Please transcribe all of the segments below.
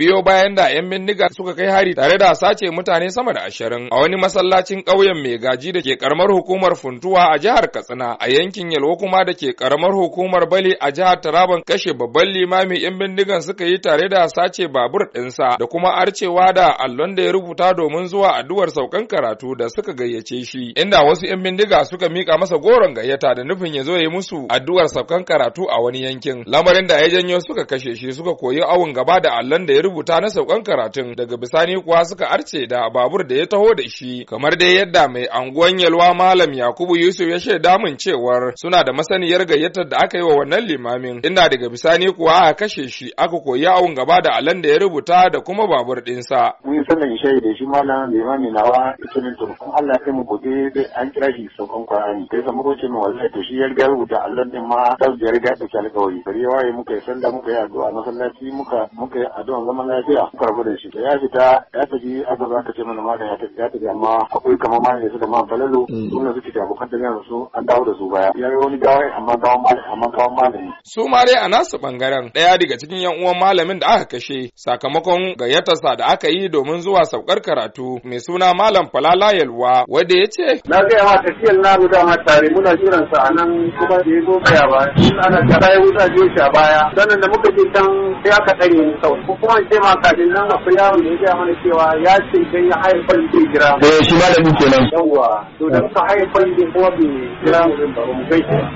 biyo bayan da 'yan bindiga suka kai hari tare da sace mutane sama da ashirin a wani masallacin ƙauyen mai gaji da ke karamar hukumar funtuwa a jihar katsina a yankin yalwa kuma da ke karamar hukumar bali a jihar taraban kashe babban limami 'yan bindigan suka yi tare da sace babur ɗinsa da kuma arcewa da allon da ya rubuta domin zuwa addu'ar saukan karatu da suka gayyace shi inda wasu 'yan bindiga suka mika masa goron gayyata da nufin ya zo ya yi musu addu'ar saukan karatu a wani yankin lamarin da ya janyo suka kashe shi suka koyi awun gaba da allon da ya rubuta na saukan karatun daga bisani kuwa suka arce da babur da ya taho da shi kamar dai yadda mai anguwan yalwa malam yakubu yusuf ya shaida min cewar suna da masaniyar gayyatar da aka yi wa wannan limamin inda daga bisani kuwa aka kashe shi aka koyi awon gaba da alan da ya rubuta da kuma babur dinsa. mun sanar shayi shaida shi malam limami nawa isumin turkun allah ya mu gobe an kira shi saukan kwarani kai sa muka ce mu wallahi to shi ya riga rubuta allan din ma ya riga da kyalkawari bari ya waye muka yi sanda muka yi addu'a masallaci muka muka yi addu'a zaman lafiya karbu da shi da ya fita ya tafi azaba ka ce mana malam ya tafi ya tafi amma akwai kamar malam ya su da malam falalu mm. su suke da abokan da ya su an dawo da su baya ya yi wani gawai amma gawan malam amma gawan malami. su ma dai a nasu bangaren ɗaya daga cikin yan uwan malamin da aka kashe sakamakon gayyatarsa da aka yi domin zuwa saukar karatu mai suna malam falala yalwa wanda ya ce. na gaya ma tafiyar na mu dama tare muna jiran sa a nan kuma da ya zo baya ba ana tara ya wuta jiya a baya sannan da muka je can sai aka ɗanye ni sau kuma man ce ma kafin nan akwai yaron da ya gaya mana cewa ya ce dan ya haifan zai jira. Eh shi malamin kenan. Yawwa to da muka haifan zai kuma bai jira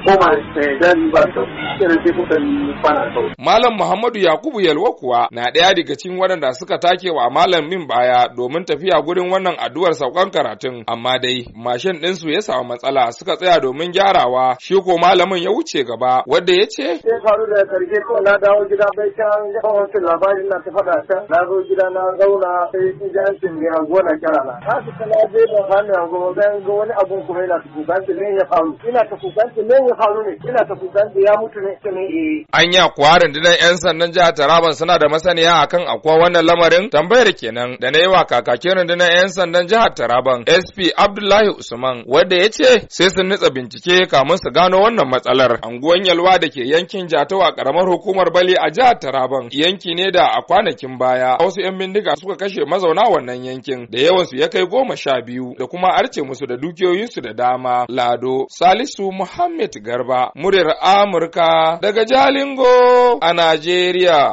ko ma eh, dan ba ta sai kuka fara sau. Malam Muhammadu Yakubu Yalwa kuwa na ɗaya daga cikin waɗanda suka take wa malamin baya domin tafiya gurin wannan addu'ar saukan karatun amma dai mashin ɗinsu ya samu matsala suka tsaya domin gyarawa shi ko malamin ya wuce gaba wanda ya ce. Sai faru da karshe ko na dawo gida bai can labarin na faɗa ta na zo gida na zauna sai an cin hango gona kira na na fita na je da hannu hango zan ga wani abun kuma yana ta kukanci ne ya faru ina ta kukanci ne ya faru ne ina ta kukanci ya mutu ne ta ne eh anya kuwa rundunar yan sandan jihar Taraban suna da masaniya akan akwa wannan lamarin tambayar kenan da na yi wa kakakin rundunar yan sandan jihar Taraban SP Abdullahi Usman wanda ya ce sai sun nitsa bincike kamun su gano wannan matsalar anguwan yalwa da ke yankin Jatawa karamar hukumar Bali a jihar Taraban yanki ne da akwa kwanakin baya wasu 'yan bindiga suka kashe mazauna wannan yankin da yawan su ya kai goma sha biyu da kuma arce musu da dukiyoyinsu da dama lado salisu muhammad garba muryar amurka daga jalingo a najeriya